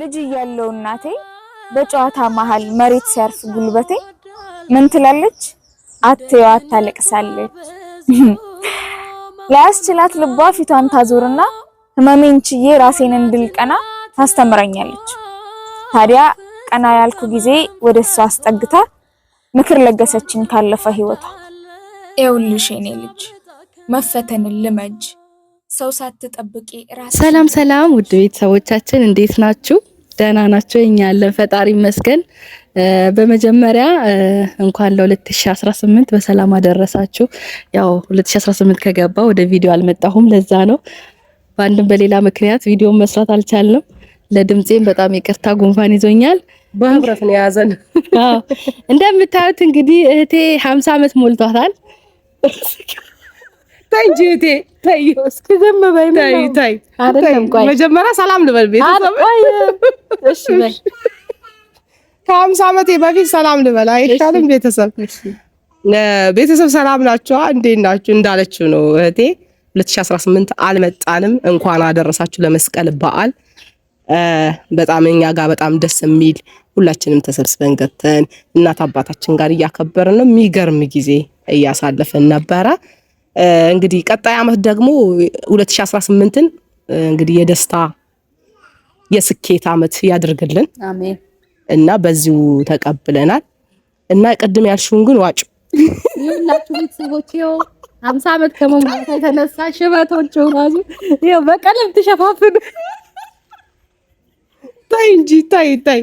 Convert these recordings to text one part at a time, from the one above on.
ልጅ እያለው እናቴ በጨዋታ መሀል መሬት ሲያርፍ ጉልበቴ ምን ትላለች አትየዋ አታለቅሳለች። ላያስችላት ልቧ ፊቷን ታዞርና ህመሜን ችዬ ራሴን እንድልቀና ታስተምረኛለች። ታዲያ ቀና ያልኩ ጊዜ ወደ እሷ አስጠግታ ምክር ለገሰችኝ ካለፈ ህይወቷ። ይኸውልሽ የኔ ልጅ መፈተንን ልመጅ ሰው ሳትጠብቂ ራስ ሰላም ሰላም፣ ውድ ቤተሰቦቻችን እንዴት ናችሁ? ደህና ናቸው። እኛ ያለን ፈጣሪ ይመስገን። በመጀመሪያ እንኳን ለ2018 በሰላም አደረሳችሁ። ያው 2018 ከገባ ወደ ቪዲዮ አልመጣሁም፣ ለዛ ነው። በአንድም በሌላ ምክንያት ቪዲዮ መስራት አልቻልንም። ለድምፄም በጣም ይቅርታ፣ ጉንፋን ይዞኛል። በህብረት ነው የያዘን። እንደምታዩት እንግዲህ እህቴ 50 ዓመት ሞልቷታል። ተይ እንጂ እህቴ እስኪ ዝም በይ። ተይ ተይ፣ አይደለም ቆይ፣ መጀመሪያ ሰላም ልበል ቤተሰብ። እሺ በይ። ከሀምሳ ዓመቴ በፊት ሰላም ልበል አይሻልም? ቤተሰብ ቤተሰብ ሰላም ናቸዋ፣ እንዴት ናችሁ? እንዳለችው ነው እህቴ 2018 አልመጣንም። እንኳን አደረሳችሁ ለመስቀል በዓል። በጣም እኛ ጋር በጣም ደስ የሚል ሁላችንም ተሰብስበን ገብተን እናት አባታችን ጋር እያከበርን ነው። የሚገርም ጊዜ እያሳለፈን ነበረ። እንግዲህ ቀጣይ ዓመት ደግሞ 2018ን እንግዲህ የደስታ የስኬት ዓመት ያድርግልን እና በዚሁ ተቀብለናል እና ቅድም ያልሽውን ግን ዋጭ ይሁላችሁ ቤተሰቦች ይኸው ሀምሳ ዓመት ከመሙላት የተነሳ ሽበቶች ራሱ ይኸው በቀለም ተሸፋፍኑ። ታይ እንጂ ታይ ታይ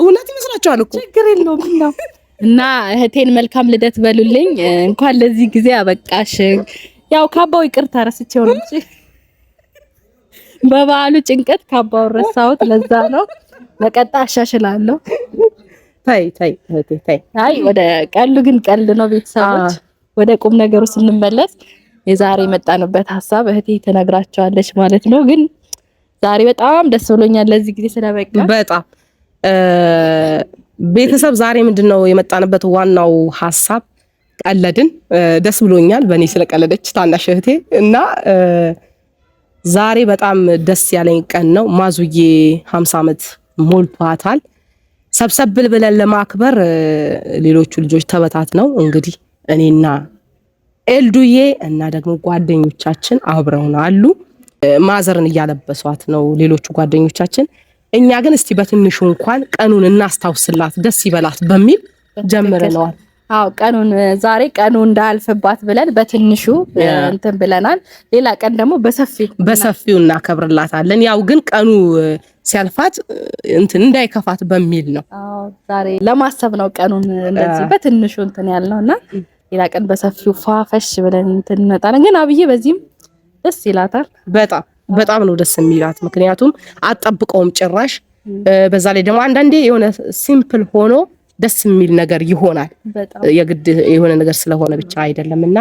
እውነት ይመስላችኋል እኮ ችግር የለውም ነው እና እህቴን መልካም ልደት በሉልኝ። እንኳን ለዚህ ጊዜ አበቃሽ። ያው ካባው ይቅርታ ረስቼው ነው እንጂ በበዓሉ ጭንቀት ካባው ረሳሁት። ለዛ ነው በቀጣ አሻሽላለሁ። ታይ ታይ እህቴ ታይ። አይ ወደ ቀሉ ግን ቀል ነው። ቤተሰቦች ወደ ቁም ነገሩ ስንመለስ የዛሬ የመጣንበት ሀሳብ እህቴ ትነግራቸዋለች ማለት ነው። ግን ዛሬ በጣም ደስ ብሎኛል ለዚህ ጊዜ ስለበቃ በጣም ቤተሰብ ዛሬ ምንድን ነው የመጣንበት ዋናው ሀሳብ ቀለድን። ደስ ብሎኛል በእኔ ስለቀለደች ታናሽ እህቴ እና ዛሬ በጣም ደስ ያለኝ ቀን ነው። ማዙዬ ሀምሳ ዓመት ሞልቷታል። ሰብሰብል ብለን ለማክበር ሌሎቹ ልጆች ተበታት ነው እንግዲህ እኔና ኤልዱዬ እና ደግሞ ጓደኞቻችን አብረውን አሉ። ማዘርን እያለበሷት ነው ሌሎቹ ጓደኞቻችን እኛ ግን እስቲ በትንሹ እንኳን ቀኑን እናስታውስላት ደስ ይበላት በሚል ጀምረነዋል። አዎ ቀኑን ዛሬ ቀኑ እንዳያልፍባት ብለን በትንሹ እንትን ብለናል። ሌላ ቀን ደግሞ በሰፊው በሰፊው እናከብርላታለን። ያው ግን ቀኑ ሲያልፋት እንትን እንዳይከፋት በሚል ነው ዛሬ ለማሰብ ነው ቀኑን እንደዚህ በትንሹ እንትን ያልነው እና ሌላ ቀን በሰፊው ፋፈሽ ብለን እንትን እንመጣለን። ግን አብዬ በዚህም ደስ ይላታል በጣም በጣም ነው ደስ የሚላት። ምክንያቱም አጠብቀውም ጭራሽ። በዛ ላይ ደግሞ አንዳንዴ የሆነ ሲምፕል ሆኖ ደስ የሚል ነገር ይሆናል። የግድ የሆነ ነገር ስለሆነ ብቻ አይደለም እና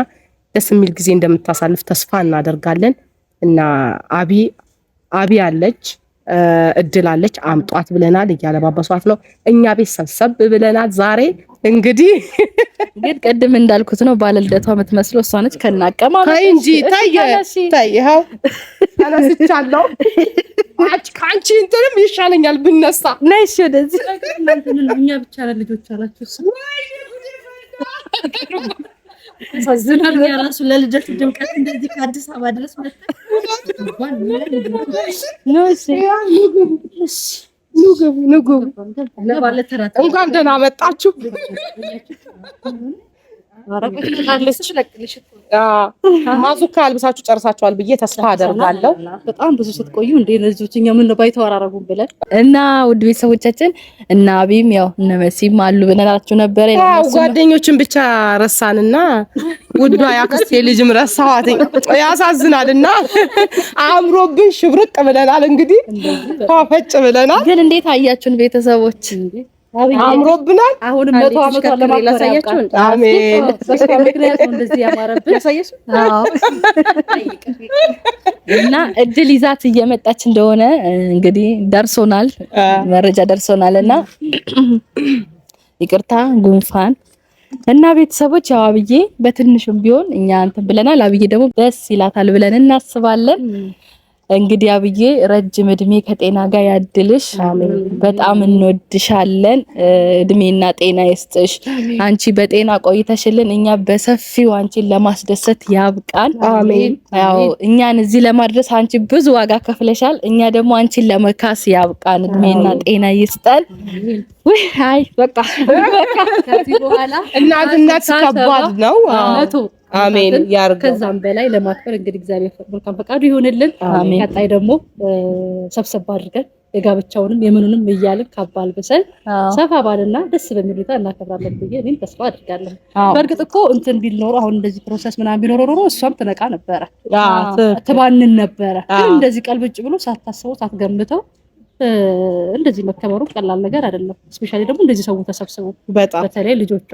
ደስ የሚል ጊዜ እንደምታሳልፍ ተስፋ እናደርጋለን እና አቢ አቢ አለች እድል አለች አምጧት ብለናል። እያለባበሷት ነው። እኛ ቤት ሰብሰብ ብለናል። ዛሬ እንግዲህ እንግዲህ ቅድም እንዳልኩት ነው ባለልደቷ የምትመስለው እሷ ነች። ከናቀማ ታይ እንጂ ታይ ታይ ተነስቻለሁ። ከአንቺ እንትንም ይሻለኛል ብነሳ ነሽ ወደዚህ እኛ ብቻ ልጆች አላቸው ያሳዝናል። ራሱ ለልደት ድምቀት እንደዚህ ከአዲስ አበባ ድረስ እንኳን ደህና መጣችሁ። ማዙካ አልብሳችሁ ጨርሳችኋል ብዬ ተስፋ አደርጋለሁ። በጣም ብዙ ስትቆዩ እንደ ልጆች እኛ ምን ባይተወራረጉም ብለን እና ውድ ቤተሰቦቻችን እና አቢም ያው እነ መሲም አሉ ብንላችሁ ነበረ። ጓደኞችን ብቻ ረሳንና ውዷ ያክስቴ ልጅም ረሳኋትኝ። ያሳዝናል። እና አእምሮብን ሽብርቅ ብለናል። እንግዲህ ፏፈጭ ብለናል። ግን እንዴት አያችሁን ቤተሰቦች? አምሮብናል። መቶ አመቷ አሜን። እና እድል ይዛት እየመጣች እንደሆነ እንግዲህ ደርሶናል፣ መረጃ ደርሶናል። እና ይቅርታ ጉንፋን እና ቤተሰቦች ያው አብዬ በትንሹም ቢሆን እኛ እንትን ብለናል። አብዬ ደግሞ ደስ ይላታል ብለን እናስባለን። እንግዲህ አብዬ ረጅም እድሜ ከጤና ጋር ያድልሽ። በጣም እንወድሻለን። እድሜና ጤና ይስጥሽ። አንቺ በጤና ቆይተሽልን እኛ በሰፊው አንቺን ለማስደሰት ያብቃን። ያው እኛን እዚህ ለማድረስ አንቺ ብዙ ዋጋ ከፍለሻል። እኛ ደግሞ አንቺን ለመካስ ያብቃን። እድሜና ጤና ይስጠን። ውይ አይ በቃ እናት ከባድ ነው። አሜን ያርገው። ከዛም በላይ ለማክበር እንግዲህ እግዚአብሔር መልካም ፈቃዱ ይሆንልን። ቀጣይ ደግሞ ሰብሰብ አድርገን የጋብቻውንም የምኑንም እያልን ካባል ብሰን ሰፋ ባልና ደስ በሚል ሁኔታ እናከብራለን ብዬ እኔም ተስፋ አድርጋለሁ። በእርግጥ እኮ እንትን ቢል ኖሮ አሁን እንደዚህ ፕሮሰስ ምናምን ቢኖረ ኖሮ እሷም ትነቃ ነበረ፣ ትባንን ነበረ። ግን እንደዚህ ቀልብጭ ብሎ ሳታስበው ሳትገምተው እንደዚህ መከበሩ ቀላል ነገር አይደለም። እስፔሻሊ ደግሞ እንደዚህ ሰው ተሰብስቦ በተለይ ልጆቿ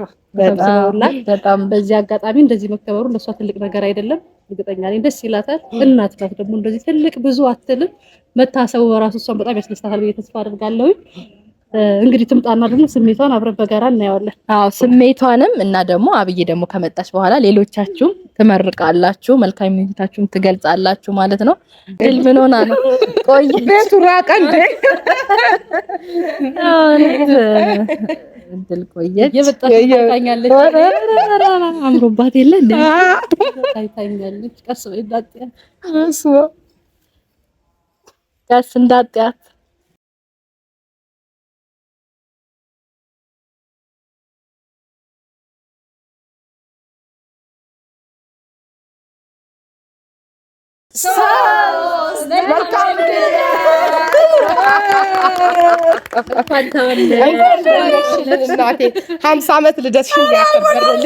በጣም በዚህ አጋጣሚ እንደዚህ መከበሩ ለእሷ ትልቅ ነገር አይደለም። እርግጠኛ ነኝ ደስ ይላታል። እናት ናት ደግሞ እንደዚህ ትልቅ ብዙ አትልም። መታሰቡ በራሱ እሷን በጣም ያስደስታታል ብዬ ተስፋ አድርጋለሁኝ። እንግዲህ ትምጣና ደግሞ ስሜቷን አብረን በጋራ እናየዋለን። አዎ ስሜቷንም እና ደግሞ አብዬ ደግሞ ከመጣች በኋላ ሌሎቻችሁም ትመርቃላችሁ፣ መልካም ምኞታችሁም ትገልጻላችሁ ማለት ነው። ድል ምን ሆና ነው? ቆይ ቤቱ ራቀ እንዴ? ድል ቆየች። የመጣች ታይታኛለች፣ አምሮባት የለ እንዴ? ታይታኛለች። ቀስ እንዳጥያት፣ ቀስ እንዳጥያት ሀምሳ ዓመት ልደትሽን ያከበርልሽ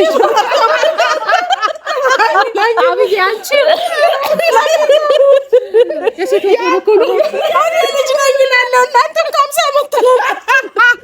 ልጅ ነው የሚላለው እናንተ ሀምሳ ዓመት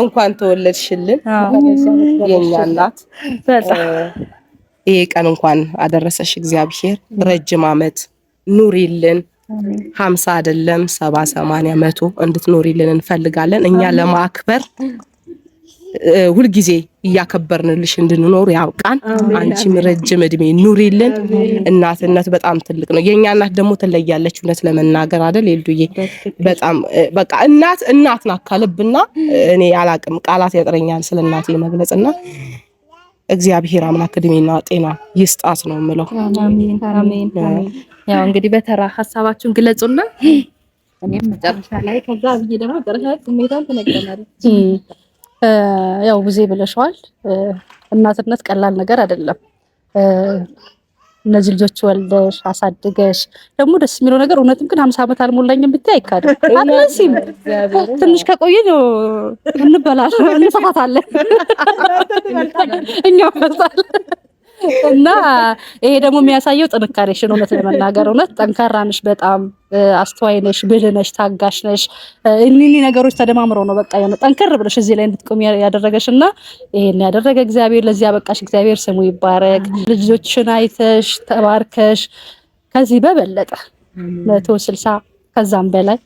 እንኳን ተወለድሽልን የኛ እናት። ይሄ ቀን እንኳን አደረሰሽ። እግዚአብሔር ረጅም አመት ኑሪልን። ሀምሳ አይደለም ሰባ ሰማንያ መቶ እንድትኖሪልን እንፈልጋለን እኛ ለማክበር ሁልጊዜ እያከበርንልሽ እንድንኖር ያብቃን። አንቺም ረጅም እድሜ ኑሪልን። እናትነት በጣም ትልቅ ነው። የእኛ እናት ደግሞ ትለያለች። እውነት ለመናገር አደል ልዱዬ፣ በጣም በቃ እናት እናት ናት ከልብና እኔ አላቅም፣ ቃላት ያጥረኛል ስለ እናቴ መግለጽና እግዚአብሔር አምላክ እድሜና ጤና ይስጣት ነው የምለው። ያው እንግዲህ በተራ ሀሳባችሁን ግለጹና እኔም መጨረሻ ላይ ከዛ ብዬ ደግሞ መጨረሻ ስሜታን ትነግረናለች። ያው ጊዜ ብለሽዋል። እናትነት ቀላል ነገር አይደለም። እነዚህ ልጆች ወልደሽ አሳድገሽ ደግሞ ደስ የሚለው ነገር እውነትም ግን ሀምሳ ዓመት አልሞላኝም ብታይ አይካድም። አትመሲም። ትንሽ ከቆየ እንበላለን፣ እንሰፋታለን፣ እኛ ፈሳለን እና ይሄ ደግሞ የሚያሳየው ጥንካሬሽን፣ እውነት ለመናገር እውነት ጠንካራ ነሽ፣ በጣም አስተዋይ ነሽ፣ ብልህ ነሽ፣ ታጋሽ ነሽ። እኒኒ ነገሮች ተደማምረው ነው በቃ የሆነ ጠንከር ብለሽ እዚህ ላይ እንድትቆም ያደረገሽ እና ይሄን ያደረገ እግዚአብሔር ለዚህ አበቃሽ። እግዚአብሔር ስሙ ይባረክ። ልጆችን አይተሽ ተባርከሽ ከዚህ በበለጠ መቶ ስልሳ ከዛም በላይ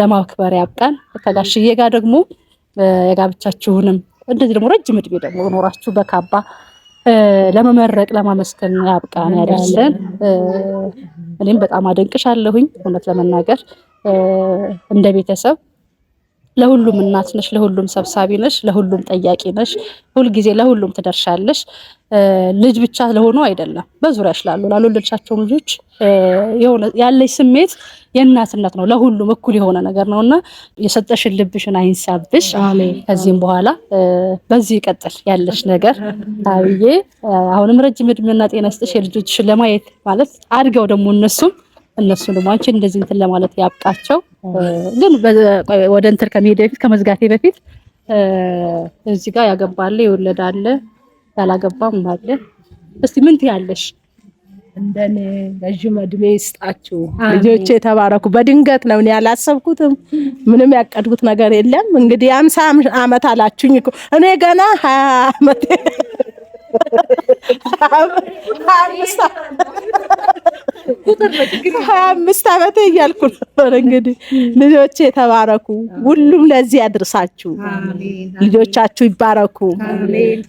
ለማክበር ያብቃን። ከጋሽዬ ጋር ደግሞ የጋብቻችሁንም እንደዚህ ደግሞ ረጅም እድሜ ደግሞ ኖራችሁ በካባ ለመመረቅ ለማመስገን ነው ያዳለን። እኔም በጣም አደንቅሻለሁኝ እውነት ለመናገር እንደ ቤተሰብ ለሁሉም እናት ነሽ፣ ለሁሉም ሰብሳቢ ነሽ፣ ለሁሉም ጠያቂ ነሽ። ሁልጊዜ ለሁሉም ትደርሻለሽ። ልጅ ብቻ ለሆኑ አይደለም፣ በዙሪያሽ ላሉ ላልወለድሻቸውም ልጆች የሆነ ያለሽ ስሜት የእናትነት ነው። ለሁሉም እኩል የሆነ ነገር ነው እና የሰጠሽን ልብሽን አይንሳብሽ። ከዚህም በኋላ በዚህ ይቀጥል ያለሽ ነገር አብዬ፣ አሁንም ረጅም እድሜና ጤና ስጥሽ። የልጆችሽን ለማየት ማለት አድገው ደግሞ እነሱም እነሱ ደግሞ አንቺ እንደዚህ እንትን ለማለት ያብቃቸው። ግን ወደ እንትን ከመሄድ በፊት ከመዝጋቴ በፊት እዚህ ጋር ያገባለ ይወለዳለ ያላገባም አለ። እስቲ ምን ትያለሽ? እንደኔ ረዥም እድሜ ይስጣችሁ ልጆች የተባረኩ። በድንገት ነው እኔ ያላሰብኩትም ምንም ያቀድኩት ነገር የለም። እንግዲህ አምሳ አመት አላችሁኝ እኮ እኔ ገና ሀያ አመት ሀያ አምስት ዓመቴ እያልኩ ነበር። እንግዲህ ልጆቼ የተባረኩ፣ ሁሉም ለዚህ ያድርሳችሁ። ልጆቻችሁ ይባረኩ፣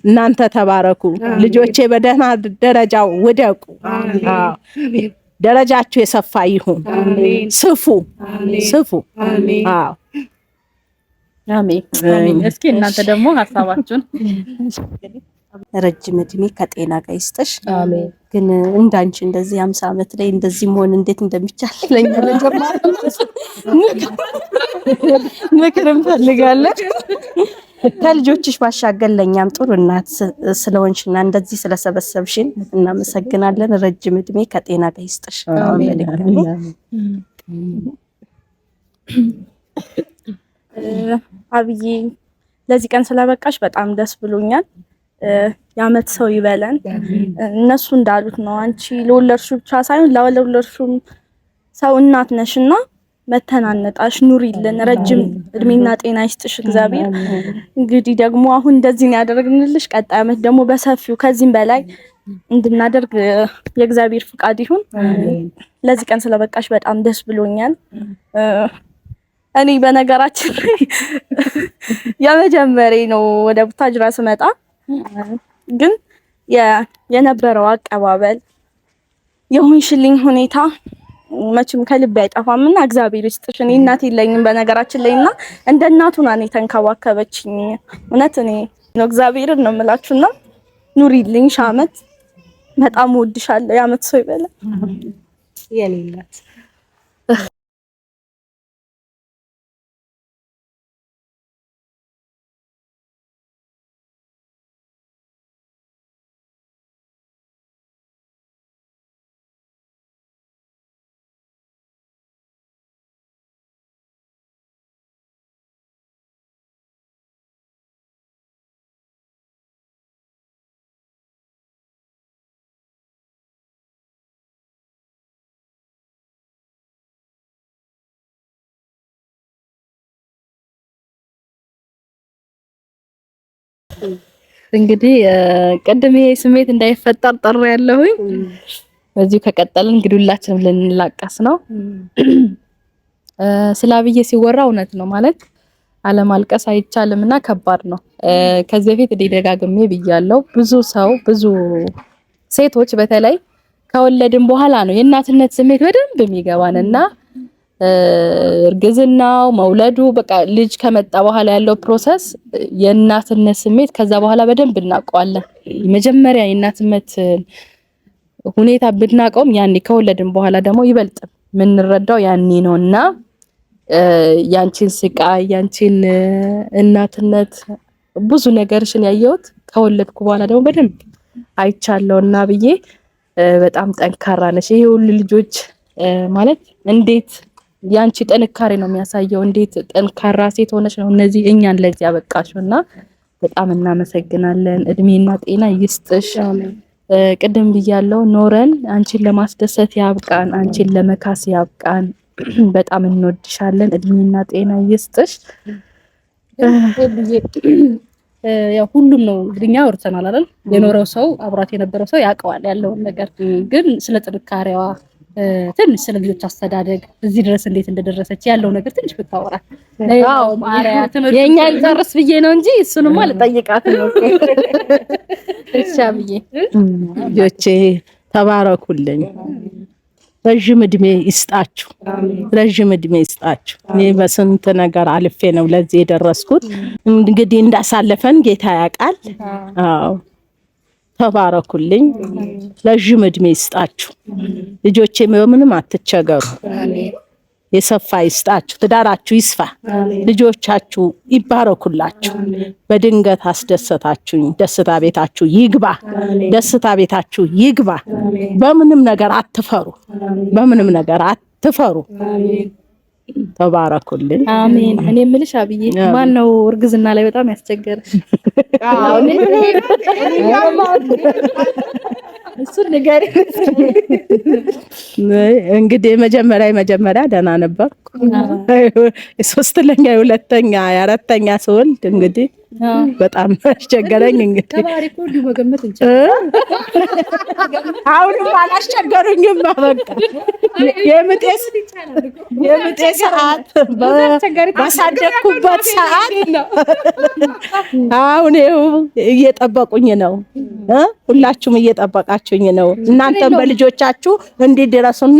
እናንተ ተባረኩ። ልጆቼ በደህና ደረጃው ውደቁ። ደረጃችሁ የሰፋ ይሁን። ስፉ ስፉ። አዎ አሜን። እስኪ እናንተ ደግሞ ሀሳባችሁን ረጅም እድሜ ከጤና ጋር ይስጠሽ። ግን እንዳንቺ እንደዚህ አምሳ ዓመት ላይ እንደዚህ መሆን እንዴት እንደሚቻል ለኛ ምክር እንፈልጋለን። ከልጆችሽ ባሻገር ለእኛም ጥሩ እናት ስለሆንሽና እንደዚህ ስለሰበሰብሽን እናመሰግናለን። ረጅም እድሜ ከጤና ጋር ይስጠሽ። አብዬ ለዚህ ቀን ስለበቃሽ በጣም ደስ ብሎኛል። የአመት ሰው ይበለን። እነሱ እንዳሉት ነው። አንቺ ለወለድሹ ብቻ ሳይሆን ለወለድሹም ሰው እናት ነሽ እና መተናነጣሽ ኑሪልን፣ ረጅም እድሜና ጤና ይስጥሽ እግዚአብሔር። እንግዲህ ደግሞ አሁን እንደዚህ ያደረግንልሽ ቀጣይ አመት ደግሞ በሰፊው ከዚህም በላይ እንድናደርግ የእግዚአብሔር ፍቃድ ይሁን። ለዚህ ቀን ስለበቃሽ በጣም ደስ ብሎኛል። እኔ በነገራችን ላይ የመጀመሪያ ነው ወደ ቡታጅራ ስመጣ ግን የነበረው አቀባበል የሆንሽልኝ ሁኔታ መቼም ከልቤ አይጠፋም እና እግዚአብሔር ይስጥሽ። እኔ እናት የለኝም በነገራችን ላይ እና እንደ እናቱ ናን የተንከባከበችኝ። እውነት እኔ ነው እግዚአብሔርን ነው የምላችሁና ኑሪልኝ ሺህ ዓመት። በጣም ወድሻለሁ። የዓመት ሰው ይበላል የሌላት እንግዲህ ቅድም ይሄ ስሜት እንዳይፈጠር ጠር ያለሁኝ በዚሁ ከቀጠልን እንግዲህ ሁላችንም ልንላቀስ ነው። ስለ አብዬ ሲወራ እውነት ነው ማለት አለማልቀስ አይቻልም እና ከባድ ነው። ከዚህ በፊት እኔ ደጋግሜ ብያለሁ። ብዙ ሰው ብዙ ሴቶች በተለይ ከወለድን በኋላ ነው የእናትነት ስሜት በደንብ የሚገባን እና እርግዝናው፣ መውለዱ፣ በቃ ልጅ ከመጣ በኋላ ያለው ፕሮሰስ የእናትነት ስሜት ከዛ በኋላ በደንብ እናውቀዋለን። መጀመሪያ የእናትነት ሁኔታ ብናውቀውም ያኔ ከወለድን በኋላ ደግሞ ይበልጥ የምንረዳው ያኔ ነው እና ያንቺን ስቃይ ያንቺን እናትነት ብዙ ነገርሽን ያየሁት ከወለድኩ በኋላ ደግሞ በደንብ አይቻለው እና ብዬ በጣም ጠንካራ ነሽ። ይሄ ሁሉ ልጆች ማለት እንዴት ያንቺ ጥንካሬ ነው የሚያሳየው። እንዴት ጠንካራ ሴት ሆነች ነው እነዚህ እኛን ለዚህ ያበቃሽው እና በጣም እናመሰግናለን። እድሜና ጤና ይስጥሽ። ቅድም ብያለው ኖረን አንቺን ለማስደሰት ያብቃን፣ አንቺን ለመካስ ያብቃን። በጣም እንወድሻለን። እድሜና ጤና ይስጥሽ። ያው ሁሉም ነው እንግዲህ እኛ አውርተናል አይደል? የኖረው ሰው አብራት የነበረው ሰው ያውቀዋል ያለውን ነገር ግን ስለ ጥንካሬዋ ትንሽ ስለ ልጆች አስተዳደግ እዚህ ድረስ እንዴት እንደደረሰች ያለው ነገር ትንሽ ብታወራ የእኛን ጨርስ ብዬ ነው እንጂ እሱንማ ልጠይቃት እሺ ብዬ ልጆቼ ተባረኩልኝ፣ ረዥም እድሜ ይስጣችሁ፣ ረዥም እድሜ ይስጣችሁ። እኔ በስንት ነገር አልፌ ነው ለዚህ የደረስኩት። እንግዲህ እንዳሳለፈን ጌታ ያውቃል። አዎ ተባረኩልኝ። ረዥም እድሜ ይስጣችሁ። ልጆቼ በምንም አትቸገሩ። የሰፋ ይስጣችሁ። ትዳራችሁ ይስፋ። ልጆቻችሁ ይባረኩላችሁ። በድንገት አስደሰታችሁኝ። ደስታ ቤታችሁ ይግባ። ደስታ ቤታችሁ ይግባ። በምንም ነገር አትፈሩ። በምንም ነገር አትፈሩ። ተባረኩልን። አሜን። እኔ የምልሽ አብዬ ማን ነው እርግዝና ላይ በጣም ያስቸገረሽ? እሱን ንገሪኝ። እንግዲህ መጀመሪያ መጀመሪያ ደህና ነበርኩ። ሶስተኛ፣ ሁለተኛ፣ አራተኛ ስወልድ እንግዲህ በጣም አስቸገረኝ። እንግዲህ አሁንም አላስቸገሩኝም። በቃ የምጤ ሰዓት ባሳደግኩበት ሰዓት አሁን እየጠበቁኝ ነው። ሁላችሁም እየጠበቃችሁኝ ነው። እናንተም በልጆቻችሁ እንዲድረሱና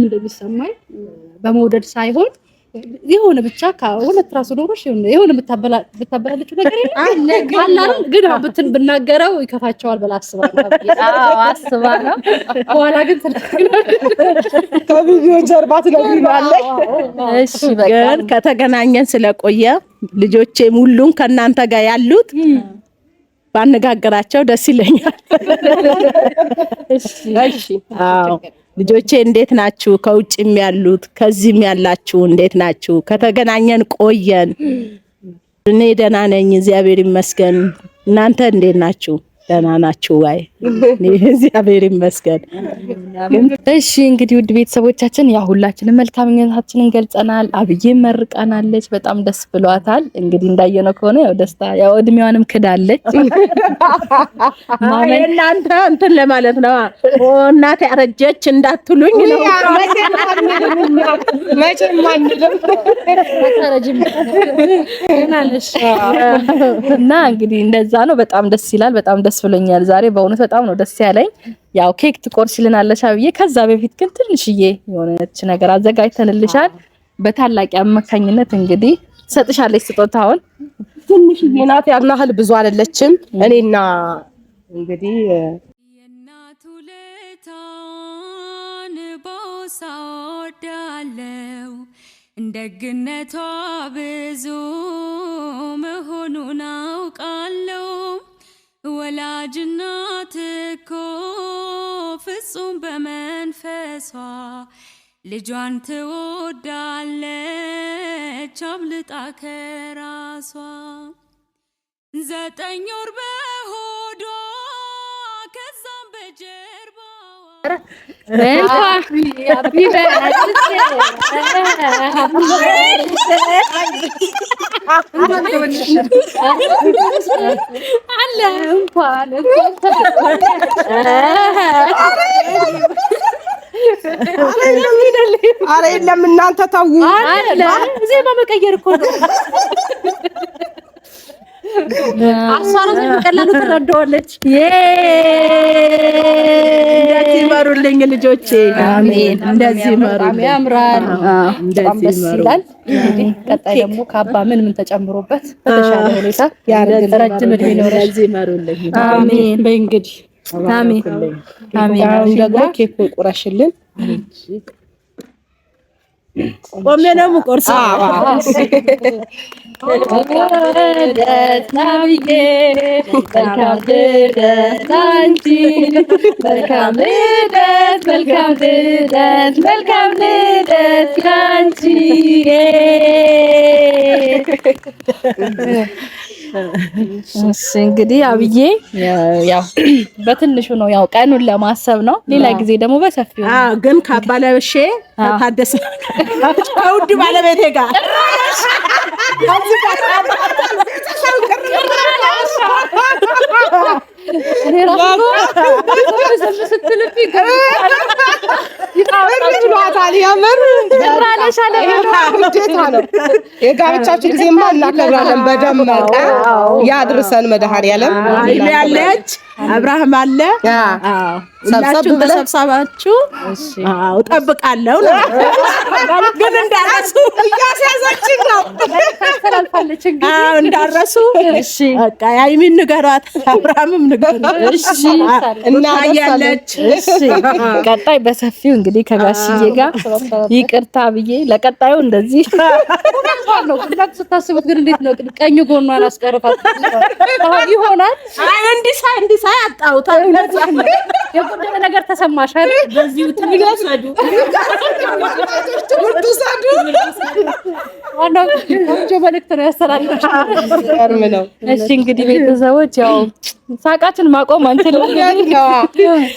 እንደሚሰማኝ በመውደድ ሳይሆን የሆነ ብቻ ከሁለት ራሱ ኖሮሽ የሆነ የምታበላለችው ነገር አላለም። ግን ብትን ብናገረው ይከፋቸዋል ብላ አስባ ነው። በኋላ ግን ከቪዲዮ ጀርባ ትነግሪናለሽ። ግን ከተገናኘን ስለቆየ ልጆቼም ሁሉም ከእናንተ ጋር ያሉት ባነጋገራቸው ደስ ይለኛል። አዎ ልጆቼ እንዴት ናችሁ? ከውጭም ያሉት ከዚህም ያላችሁ እንዴት ናችሁ? ከተገናኘን ቆየን። እኔ ደህና ነኝ፣ እግዚአብሔር ይመስገን። እናንተ እንዴት ናችሁ? ደህና ናችሁ ወይ? እግዚአብሔር ይመስገን። እሺ እንግዲህ ውድ ቤተሰቦቻችን ያ ሁላችንም መልካምነታችንን ገልጸናል። አብዬ መርቃናለች፣ በጣም ደስ ብሏታል። እንግዲህ እንዳየነው ከሆነ ያው ደስታ ያው እድሜዋንም ክዳለች። እናንተ እንትን ለማለት ነው እናቴ አረጀች እንዳትሉኝ ነው። መቼም እና እንግዲህ እንደዛ ነው። በጣም ደስ ይላል። በጣም ደስ ደስ ብሎኛል። ዛሬ በእውነት በጣም ነው ደስ ያለኝ። ያው ኬክ ትቆርሽልናለሽ አብዬ። ከዛ በፊት ግን ትንሽዬ የሆነች ነገር አዘጋጅተንልሻል። በታላቅ አማካኝነት እንግዲህ ትሰጥሻለች ስጦታውን። ትንሽዬ ናት፣ ያን ያህል ብዙ አይደለችም። እኔና እንግዲህ እንደግነቷ ብዙ መሆኑና ወዳጅናት እኮ ፍጹም በመንፈሷ ልጇን ትወዳለች አብልጣ ከራሷ ዘጠኝ ወር በሆዷ ከዛም በጀ ኧረ የለም እናንተ ተው፣ ዜማ መቀየር እኮ ነው። አሷራት በቀላሉ ትረዳዋለች። እንደዚህ ይመሩልኝ ልጆቼ፣ እንደዚህ ይመሩ። ያምራል፣ በጣም ደስ ይላል። ቀጣይ ደግሞ ከአባ ምን ምን ተጨምሮበት በተሻለ ሁኔታ ረጅም እድሜ ይኖረል። ይመሩልኝ። አሜን። በእንግዲህ አሜን፣ አሜን። ደግሞ ኬኩን ቁረሽልን ቆሜ ነው የምቆርሰው። እሺ እንግዲህ አብዬ ያው በትንሹ ነው ያው ቀኑን ለማሰብ ነው። ሌላ ጊዜ ደግሞ በሰፊው ግን ካባለብሼ ታደሰ ከውድ ባለቤቴ ጋር እኔ ራሱ ስትልብኝ ይሏታል። የምር ግዴታ ነው። የጋብቻችን ጊዜማ እናከብራለን። በደመቀ ያድርሰን መድኃኔዓለም። አብርሃም አለ። ሁላችሁም ተሰብሰባችሁ እጠብቃለሁ ነው ግን እንዳረሱ እያስያዘችን ነው እንዳረሱ በቃ ያይሚን ንገሯት፣ አብርሃምም ንገሯት እና ቀጣይ በሰፊው እንግዲህ ከጋሽዬ ጋር ይቅርታ ብዬ ለቀጣዩ እንደዚህ ስታስቡት ግን እንዴት ነው ቀኝ ጎኗን አስቀርፋት ይሆናል እንዲሳ እንዲሳ ሳይ አጣሁት። የቆደለ ነገር ተሰማሽ በዚሁ ትንሽ ውሰዱ። ቆንጆ መልዕክት ነው ያስተላለፍሽ። እሺ እንግዲህ ቤተሰቦች ያው ሳቃችን ማቆም አንችልም።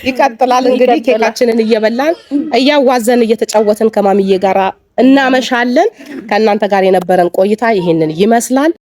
ይቀጥላል እንግዲህ ኬካችንን እየበላን እያዋዘን እየተጫወትን ከማሚዬ ጋራ እናመሻለን። ከእናንተ ጋር የነበረን ቆይታ ይህንን ይመስላል።